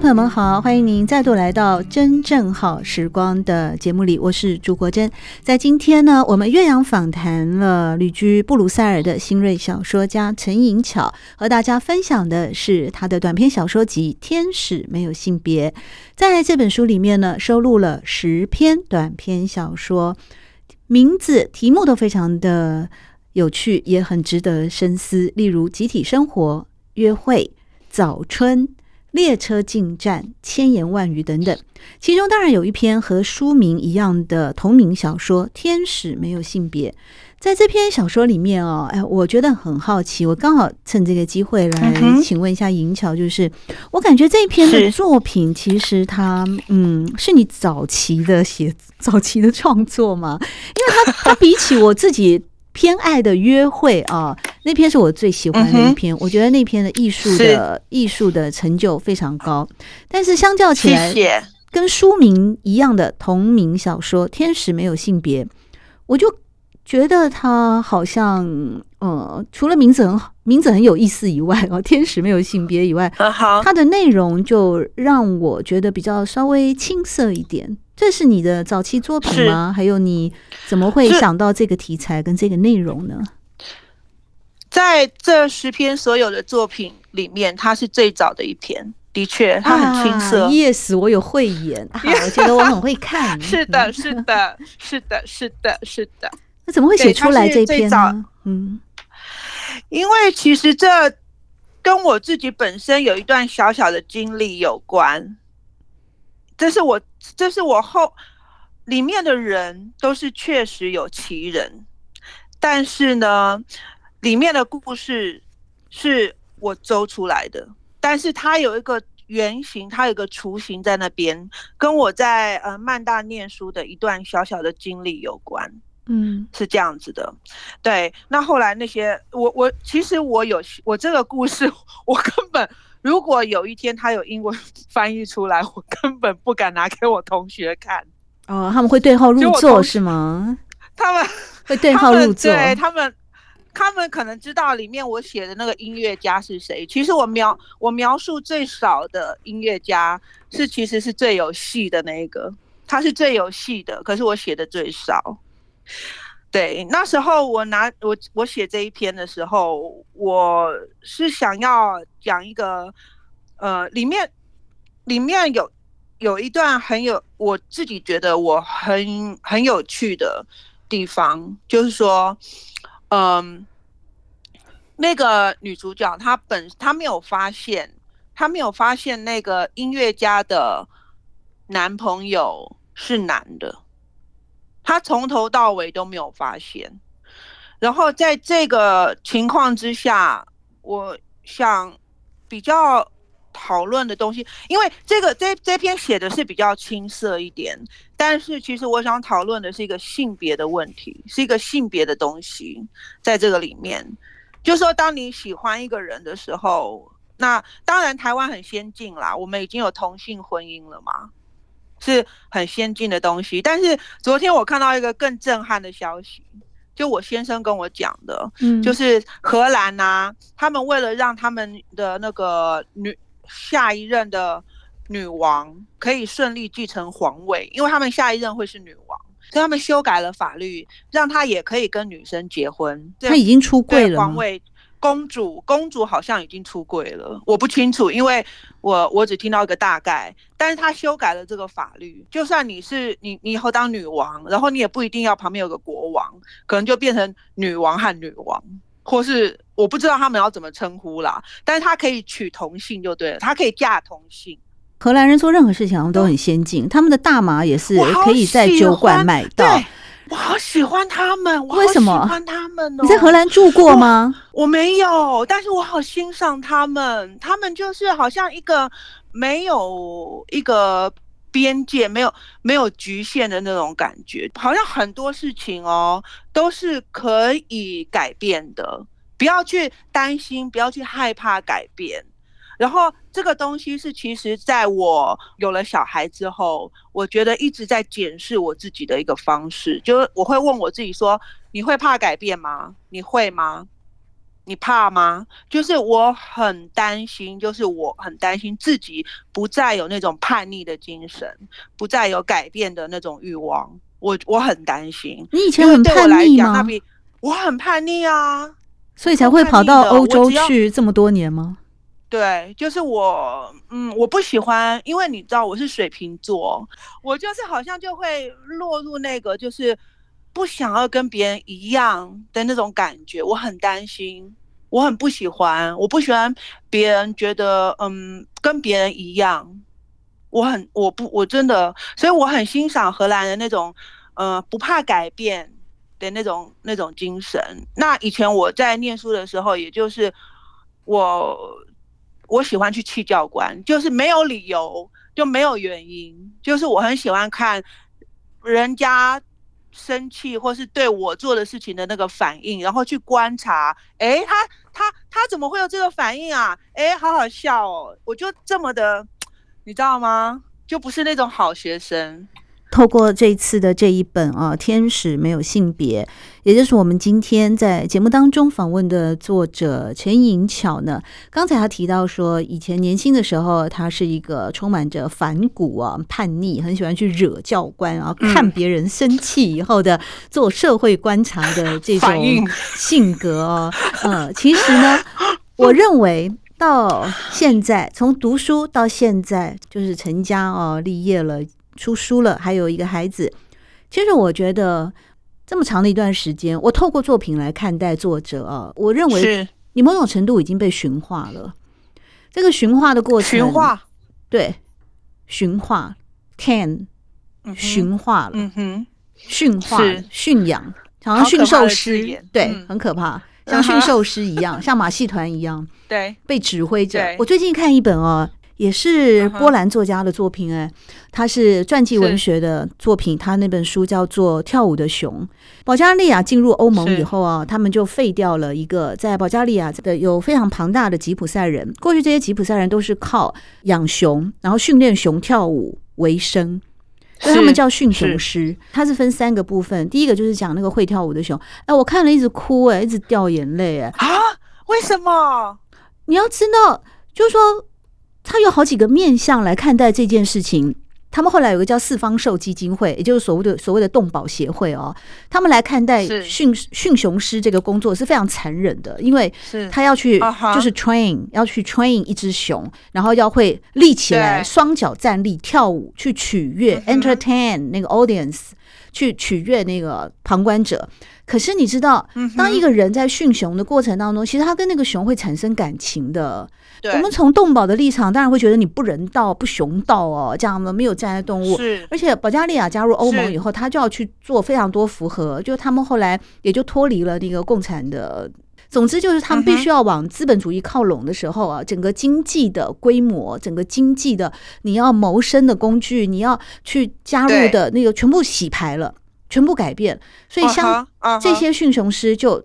朋友們好，歡迎您再度來到《真正好時光》的節目裡，我是朱國珍。在今天呢，我們岳陽訪談了旅居布魯塞爾的新銳小說家陳瀅巧，和大家分享的是他的短篇小說集《天使沒有性別》。在這本書裡面呢，收錄了十篇短篇小說，名字、題目都非常的有趣，也很值得深思。例如《集體生活》、《約會》、《早春》。列車進站，千言萬語等等，其中當然有一篇和書名一樣的同名小說《天使沒有性別》。在這篇小說裡面哦，哎，我覺得很好奇，我剛好趁這個機會來請問一下瀅巧，就是、嗯、哼我感覺這一篇的作品，其實它是嗯，是你早期的寫早期的創作嗎？因為它它比起我自己偏愛的約會啊。 那篇是我最喜歡的那篇，嗯、哼我覺得那篇的藝術的是藝術的成就非常高。但是相較起來，跟書名一樣的同名小說《天使沒有性別》，我就覺得它好像呃，除了名字很好，名字很有意思以外，哦，《天使沒有性別》以外，它的內容就讓我覺得比較稍微青澀一點。這是你的早期作品嗎？還有你怎麼會想到這個題材跟這個內容呢？在這十篇所有的作品裡面，它是最早的一篇。的確，它很青澀。Yes，我有慧眼，我覺得我很會看。是的，是的，是的，是的，是的。那 怎麼會寫出來這一篇呢？嗯，因為其實這跟我自己本身有一段小小的經歷有關。這是我，這是我後裡面的人都是確實有其人，但是呢。裡面的故事是我謅出來的，但是它有一個原型，它有一個雛形在那邊，跟我在呃曼大念書的一段小小的經歷有關，嗯，是這樣子的。對，那後來那些我我其實我有我這個故事，我根本，如果有一天它有英文翻譯出來，我根本不敢拿給我同學看。哦，他們會對號入座是嗎？他們，他們會對號入座，對，他們。他們可能知道裡面我寫的那個音樂家是誰。其實我描我描述最少的音樂家是，其實是最有戲的那一個，他是最有戲的，可是我寫的最少。對，那時候我拿我我寫這一篇的時候，我是想要講一個，呃，裡面裡面有有一段很有我自己覺得我很很有趣的地方，就是說。嗯，um, 那個女主角她本，她沒有發現，她沒有發現那個音樂家的男朋友是男的，她從頭到尾都沒有發現。然後在這個情況之下，我想比較討論的東西，因為這個這這篇寫的是比較青澀一點。但是其實我想討論的是一個性別的問題，是一個性別的東西，在這個裡面，就說當你喜歡一個人的時候，那當然台灣很先進啦，我們已經有同性婚姻了嘛，是很先進的東西。但是昨天我看到一個更震撼的消息，就我先生跟我講的，嗯，就是荷蘭啊，嗯，他們為了讓他們的那個女下一任的。女王可以順利繼承皇位，因為他們下一任會是女王，所以他們修改了法律，讓他也可以跟女生結婚。他已經出櫃了嗎？對皇位公主，公主好像已經出櫃了，我不清楚，因為我我只聽到一個大概。但是他修改了這個法律，就算你是你你以後當女王，然後你也不一定要旁邊有個國王，可能就變成女王和女王，或是我不知道他們要怎麼稱呼啦。但是她可以娶同性就對了，她可以嫁同性。荷蘭人做任何事情好像都很先進，對他們的大麻也是可以在酒館買到我。我好喜歡他們，我為什麼喜歡他們呢、哦？你在荷蘭住過嗎我？我沒有，但是我好欣賞他們，他們就是好像一個沒有一個邊界，沒有沒有局限的那種感覺，好像很多事情哦都是可以改變的，不要去擔心，不要去害怕改變，然後。這個東西是其實在我有了小孩之後，我覺得一直在檢視我自己的一個方式，就是我會問我自己說：你會怕改變嗎？你會嗎？你怕嗎？就是我很擔心，就是我很擔心自己不再有那種叛逆的精神，不再有改變的那種慾望。我我很擔心。你以前很叛逆嗎？我，我很叛逆啊，所以才會跑到歐洲去這麼多年嗎？對，就是我，嗯，我不喜歡，因為你知道我是水瓶座，我就是好像就會落入那個，就是不想要跟別人一樣的那種感覺。我很擔心，我很不喜歡，我不喜歡別人覺得，嗯，跟別人一樣。我很，我不，我真的，所以我很欣賞荷蘭人那種，呃，不怕改變的那種那種精神。那以前我在念書的時候，也就是我。我喜歡去氣教官，就是沒有理由，就沒有原因，就是我很喜歡看人家生氣或是對我做的事情的那個反應，然後去觀察，誒，他他他他怎麼會有這個反應啊？誒，好好笑哦！我就這麼的，你知道嗎？就不是那種好學生。透過這次的這一本啊，《天使沒有性別》，也就是我們今天在節目當中訪問的作者陳瀅巧呢，剛才他提到說，以前年輕的時候，他是一個充滿着反骨啊、叛逆，很喜歡去惹教官啊，看別人生氣以後的做社會觀察的這種性格哦。呃，其實呢，我認為到現在，從讀書到現在，就是成家哦、啊，立業了。出書了，還有一個孩子。其實我覺得這麼長的一段時間，我透過作品來看待作者啊，我認為你某種程度已經被馴化了。這個馴化的過程，馴化對，馴化 can 馴化了，嗯哼，馴化、馴養，好像馴獸師，對，很可怕，像馴獸師一樣，像馬戲團一樣，對，被指揮着。我最近看一本哦。也是波蘭作家的作品哎、欸，他、uh huh. 是傳記文學的作品，他是那本書叫做《跳舞的熊》。保加利亞進入歐盟以後啊，是他們就廢掉了一個在保加利亞這個有非常龐大的吉普賽人。過去這些吉普賽人都是靠養熊，然後訓練熊跳舞為生，是所以他們叫馴熊師。他是，是分三個部分，第一個就是講那個會跳舞的熊。哎、呃，我看了一直哭哎、欸，一直掉眼淚哎、欸、啊！為什麼？你要知道，就是說。他有好幾個面向來看待這件事情。他們後來有個叫四方獸基金會，也就是所謂的所謂的動保協會哦。他們來看待馴是馴熊師這個工作是非常殘忍的，因為他要去就是 train、uh huh、要去 train 一隻熊，然後要會立起來、雙腳站立、對跳舞去取悅嗎 entertain 那個 audience。去取悅那個旁觀者，可是你知道，當一個人在訓熊的過程當中，嗯、哼其實他跟那個熊會產生感情的。對我們從動保的立場，當然會覺得你不人道、不熊道哦，這樣的沒有障礙動物。是而且保加利亞加入歐盟以後，他是就要去做非常多符合，就他們後來也就脫離了那個共產的。總之就是他們必須要往資本主義靠攏的時候啊，uh huh. 整個經濟的規模，整個經濟的你要謀生的工具，你要去加入的那個全部洗牌了，對全部改變。所以像這些馴熊師就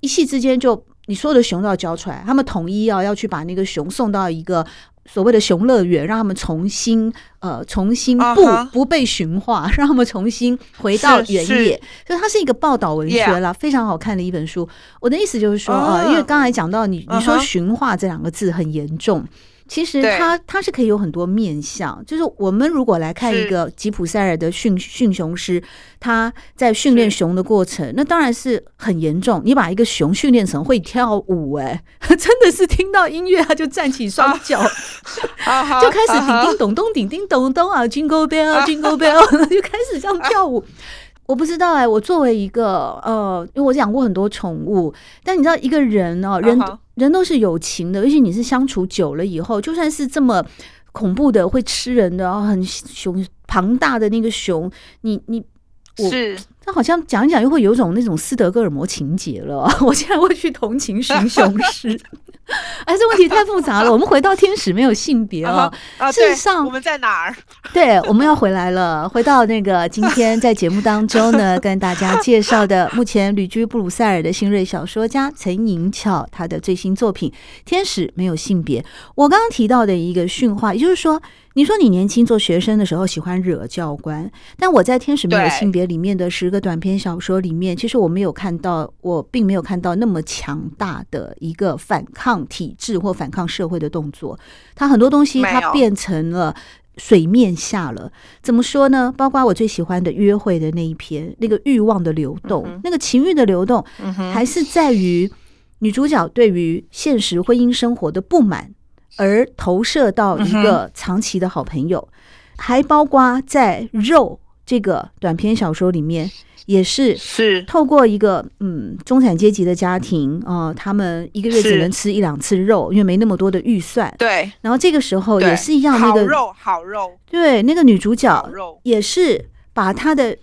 一夕之間就你所有的熊都要交出來，他們統一要、啊、要去把那個熊送到一個。所謂的“熊樂園”，讓他們重新呃，重新不、uh huh. 不被馴化，讓他們重新回到原野。是是，所以它是一個報道文學啦，Yeah. 非常好看的一本書。我的意思就是說啊、uh huh. 呃，因為剛才講到你，你說“馴化”這兩個字很嚴重。其實他他對是可以有很多面相，就是我們如果來看一個吉普賽爾的訓是訓熊師，他在訓練熊的過程，是那當然是很嚴重。你把一個熊訓練成會跳舞、欸，哎，真的是聽到音樂他就站起雙腳，啊、 就開始叮叮咚咚、叮叮咚咚，叮咚，咚，咚啊，啊，Jingle Bell，Jingle Bell，, Jingle Bell、啊、 就開始這樣跳舞。啊、我不知道哎、欸，我作為一個呃，因為我養過很多寵物，但你知道一個人哦人。啊人都是有情的，而且你是相處久了以後，就算是這麼恐怖的會吃人的、然後很熊龐大的那個熊，你你，我是。他好像講一講又會有種那種斯德哥爾摩情結了。我竟然會去同情尋凶師， 哎，這問題太複雜了。 我們回到天使沒有性別了。至、哦 uh huh. uh, 上，我們在哪兒？ 對，我們要回來了。回到那個今天在節目當中呢，跟大家介紹的目前旅居布魯塞爾的新銳小說家陳瀅巧他的最新作品《天使沒有性別》。我剛剛提到的一個訓話，也就是說，你說你年輕做學生的時候喜歡惹教官，但我在《天使沒有性別》裡面的是。的短篇小說裡面，其實我沒有看到，我並沒有看到那麼強大的一個反抗體制或反抗社會的動作。它很多東西它變成了水面下了。有怎麼說呢？包括我最喜歡的約會的那一篇，那個欲望的流動，嗯、哼那個情欲的流動，嗯、哼還是在於女主角對於現實婚姻生活的不滿而投射到一個長期的好朋友，嗯、哼還包括在肉。這個短篇小說裡面也是是透過一個是嗯中產階級的家庭啊、呃，他們一個月只能吃一兩次肉，是因為沒那麼多的預算。對，然後這個時候也是一樣，那個肉好肉，好肉，對，那個女主角也是把她的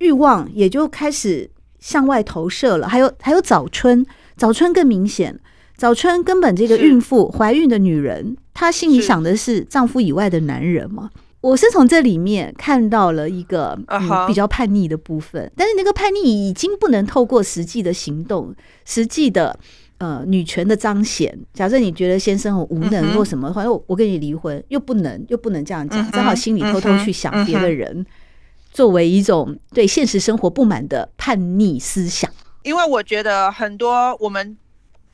慾望也就開始向外投射了。還有還有早春，早春更明顯，早春根本這個孕婦懷孕的女人，是她心裡想的是丈夫以外的男人嘛。我是從這裡面看到了一個、嗯、比較叛逆的部分，uh huh. 但是那個叛逆已經不能透過實際的行動、實際的呃女權的彰顯。假設你覺得先生很無能或什麼的話，反正我我跟你離婚又不能，又不能這樣講，只好，uh huh. 心裡偷偷去想別的人，uh huh. 作為一種對現實生活不滿的叛逆思想。因為我覺得很多我們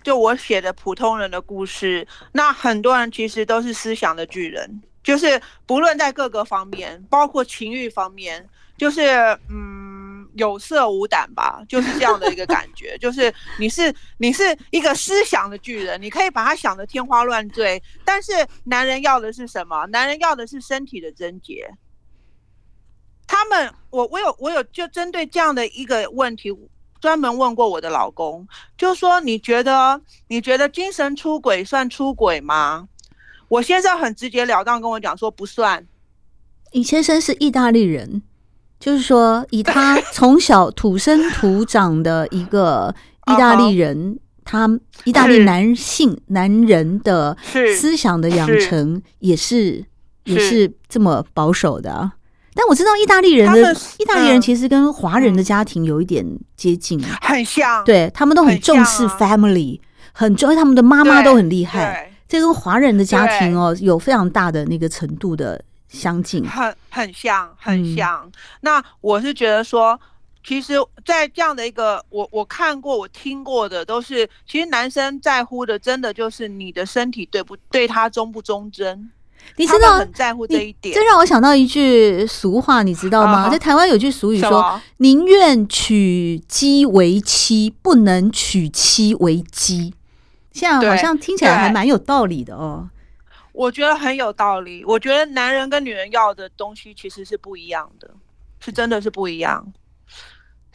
就我寫的普通人的故事，那很多人其實都是思想的巨人。就是不論在各個方面，包括情欲方面，就是嗯，有色無膽吧，就是這樣的一個感覺。 就是你是你是一個思想的巨人，你可以把他想得天花亂墜，但是男人要的是什麼？男人要的是身體的貞潔。他們，我我有我有就針對這樣的一個問題，專門問過我的老公，就說你覺得你覺得精神出軌算出軌嗎？我先生很直截了當跟我講說不算。李先生是意大利人，就是說以他從小土生土長的一個意大利人， uh、huh. 他意大利男性男人的思想的養成也是也是這麼保守的。但我知道意大利人的們意大利人其實跟華人的家庭有一點接近，嗯、很像，對，他們都很重視 family，很、啊、很重要，因為他們的媽媽都很厲害。這跟華人的家庭哦，對有非常大的那個程度的相近，很很像，很像。嗯、那我是覺得說，其實，在這樣的一個我我看過我聽過的，都是其實男生在乎的，真的就是你的身體，對不對，他忠不忠貞？你知道很在乎這一點，這讓我想到一句俗話，你知道嗎？哦、在台灣有句俗語說：“麼寧願娶雞為妻，不能娶妻為雞。”這樣好像聽起來還蠻有道理的哦，我覺得很有道理。我覺得男人跟女人要的東西其實是不一樣的，是真的是不一樣。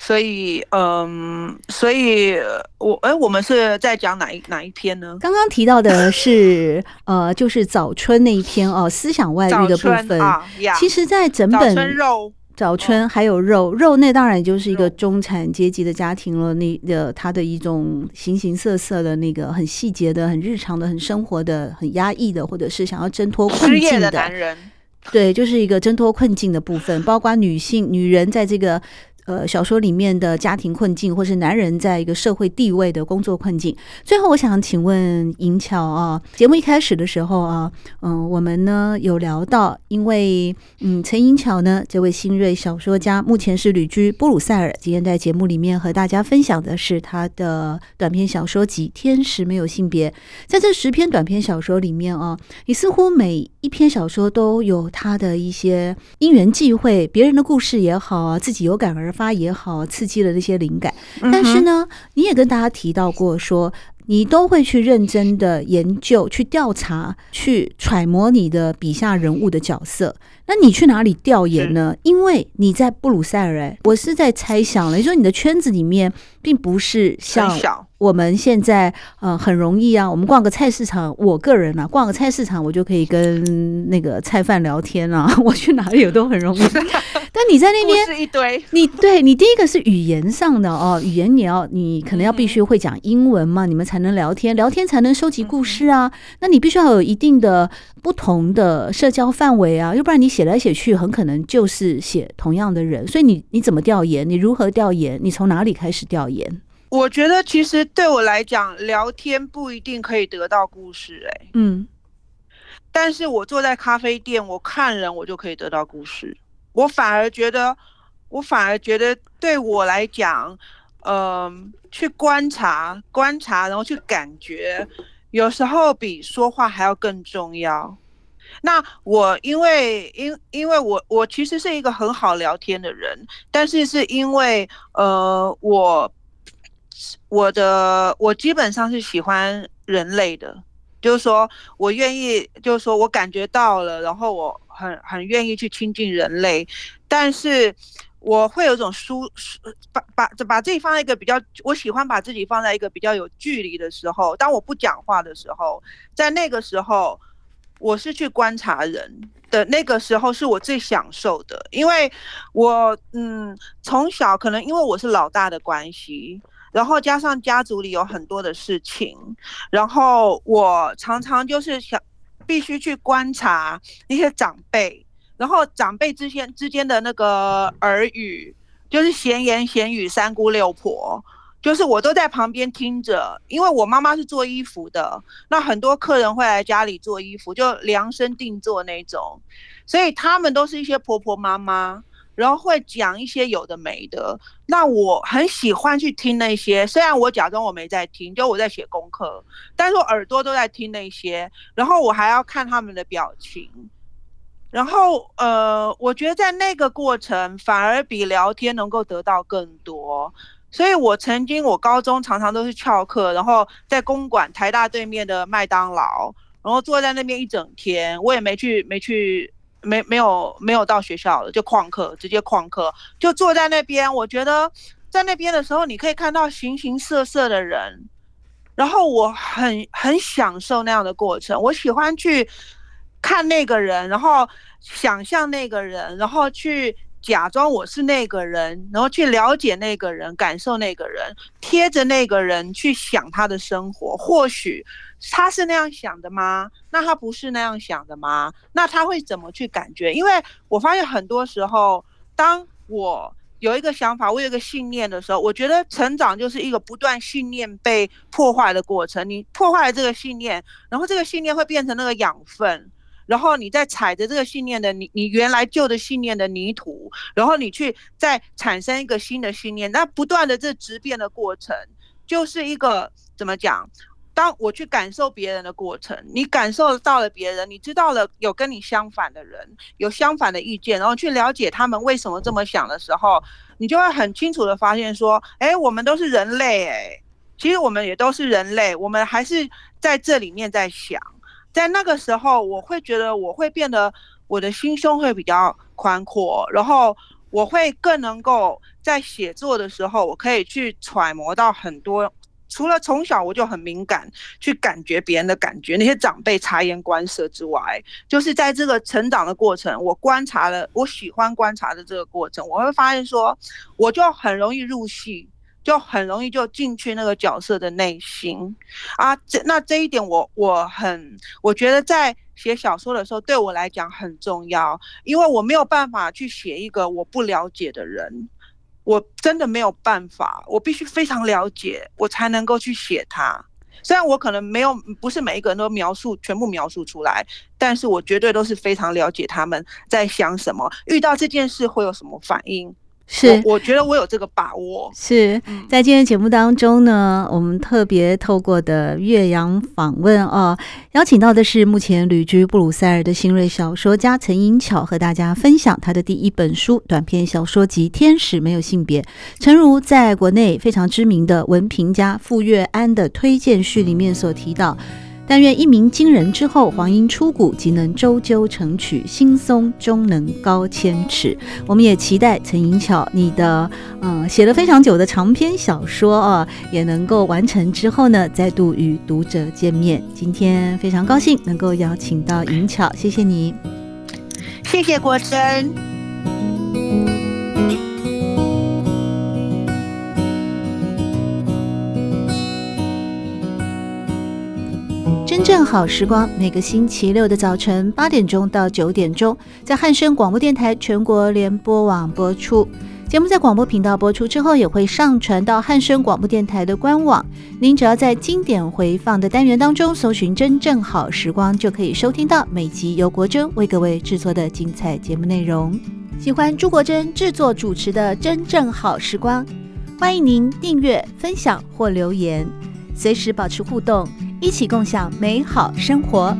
所以，嗯，所以我哎、欸，我們是在講哪一哪一篇呢？剛剛提到的是， 呃，就是早春那一篇哦、呃，思想外遇的部分、啊、yeah, 其實，在整本肉。早春還有肉、嗯、肉，那當然就是一個中產階級的家庭了。嗯、那的他的一種形形色色的那個很細節的、很日常的、很生活的、很壓抑的，或者是想要掙脫困境的，的男人，對，就是一個掙脫困境的部分，包括女性、女人在這個。呃，小說裡面的家庭困境，或是男人在一個社會地位的工作困境。最後，我想請問瀅巧啊，節目一開始的時候啊，嗯，我們呢有聊到，因為嗯，陳瀅巧呢這位新銳小說家目前是旅居布魯塞爾，今天在節目裡面和大家分享的是他的短篇小說集《天使沒有性別》。在這十篇短篇小說裡面啊，你似乎每。一篇小說都有它的一些因緣際會，別人的故事也好啊，自己有感而發也好，啊，刺激了這些靈感。但是呢，嗯、哼你也跟大家提到過說，說你都會去認真的研究，去調查，去揣摩你的筆下人物的角色。那你去哪裡調研呢？是因為你在布魯塞爾，欸，我是在猜想了，你說你的圈子裡面並不是像。我們現在呃很容易啊，我們逛個菜市場，我個人啊逛個菜市場，我就可以跟那個菜販聊天啊，我去哪裡都很容易，但你在那邊是 一堆你。你對你第一個是語言上的哦，語言你要你可能要必須會講英文嘛，嗯、哼你們才能聊天，聊天才能收集故事啊。嗯、哼那你必須要有一定的不同的社交範圍啊，要不然你寫來寫去很可能就是寫同樣的人。所以你你怎麼調研？你如何調研？你從哪裡開始調研？我覺得其實對我來講，聊天不一定可以得到故事，欸，哎，嗯，但是我坐在咖啡店，我看人，我就可以得到故事。我反而覺得，我反而覺得對我來講，嗯，呃，去觀察、觀察，然後去感覺，有時候比說話還要更重要。那我因為，因，因為我，我其實是一個很好聊天的人，但是是因為，呃，我。我的我基本上是喜歡人類的，就是說我願意，就是說我感覺到了，然後我很很願意去親近人類，但是我會有一種疏疏把把把自己放在一個比較，我喜歡把自己放在一個比較有距離的時候。當我不講話的時候，在那個時候，我是去觀察人的，那個時候是我最享受的，因為我嗯從小可能因為我是老大的關係。然後加上家族裡有很多的事情，然後我常常就是想，必須去觀察那些長輩，然後長輩之間之間的那個耳語，就是閒言閒語，三姑六婆，就是我都在旁邊聽着。因為我媽媽是做衣服的，那很多客人會來家裡做衣服，就量身定做那種，所以他們都是一些婆婆媽媽。然後會講一些有的沒的，那我很喜歡去聽那些，雖然我假裝我沒在聽，就我在寫功課，但是我耳朵都在聽那些，然後我還要看他們的表情，然後呃，我覺得在那個過程反而比聊天能夠得到更多，所以我曾經我高中常常都是翹課，然後在公館台大對面的麥當勞，然後坐在那邊一整天，我也沒去，沒去。沒沒有沒有到學校了，就曠課，直接曠課，就坐在那邊。我覺得在那邊的時候，你可以看到形形色色的人，然後我很很享受那樣的過程。我喜歡去看那個人，然後想象那個人，然後去。假裝我是那個人，然後去了解那個人，感受那個人，貼着那個人去想他的生活。或許他是那樣想的嗎？那他不是那樣想的嗎？那他會怎麼去感覺？因為我發現很多時候，當我有一個想法，我有一個信念的時候，我覺得成長就是一個不斷信念被破壞的過程。你破壞了這個信念，然後這個信念會變成那個養分。然後你再踩着這個信念的你，你原來舊的信念的泥土，然後你去再產生一個新的信念，那不斷的這質變的過程，就是一個怎麼講？當我去感受別人的過程，你感受到了別人，你知道了有跟你相反的人，有相反的意見，然後去了解他們為什麼這麼想的時候，你就會很清楚的發現說，哎，我們都是人類，欸，誒，其實我們也都是人類，我們還是在這裡面在想。在那個時候，我會覺得我會變得我的心胸會比較寬闊，然後我會更能夠在寫作的時候，我可以去揣摩到很多。除了從小我就很敏感，去感覺別人的感覺，那些長輩察言觀色之外，就是在這個成長的過程，我觀察了，我喜歡觀察的這個過程，我會發現說，我就很容易入戲。就很容易就進去那個角色的內心，啊，這那這一點我我很我覺得在寫小說的時候對我來講很重要，因為我沒有辦法去寫一個我不了解的人，我真的沒有辦法，我必須非常了解，我才能夠去寫他。雖然我可能沒有不是每一個人都描述，全部描述出來，但是我絕對都是非常了解他們在想什麼，遇到這件事會有什麼反應。是我，我覺得我有這個把握。是在今天節目當中呢，嗯、我們特別透過的岳陽訪問啊、哦，邀請到的是目前旅居布魯塞爾的新銳小說家陳瀅巧，和大家分享他的第一本書——嗯、短篇小說集《天使沒有性別》。誠如在國內非常知名的文評家傅月安的推薦序裡面所提到。嗯嗯但願一鳴驚人之後，黃鶯出谷即能啁啾成曲，新松終能高千尺。我們也期待陳瀅巧你的，嗯、呃，寫了非常久的長篇小說啊，也能夠完成之後呢，再度與讀者見面。今天非常高興能夠邀請到瀅巧，謝謝你，謝謝國生。正好時光，每個星期六的早晨八點鐘到九點鐘，在漢聲廣播電台全國聯播網播出。節目在廣播頻道播出之後，也會上傳到漢聲廣播電台的官網。您只要在經典回放的單元當中搜尋“真正好時光”，就可以收聽到每集由國珍為各位制作的精彩節目內容。喜歡朱國珍制作主持的《真正好時光》，歡迎您訂閱、分享或留言，隨時保持互動，一起共享美好生活。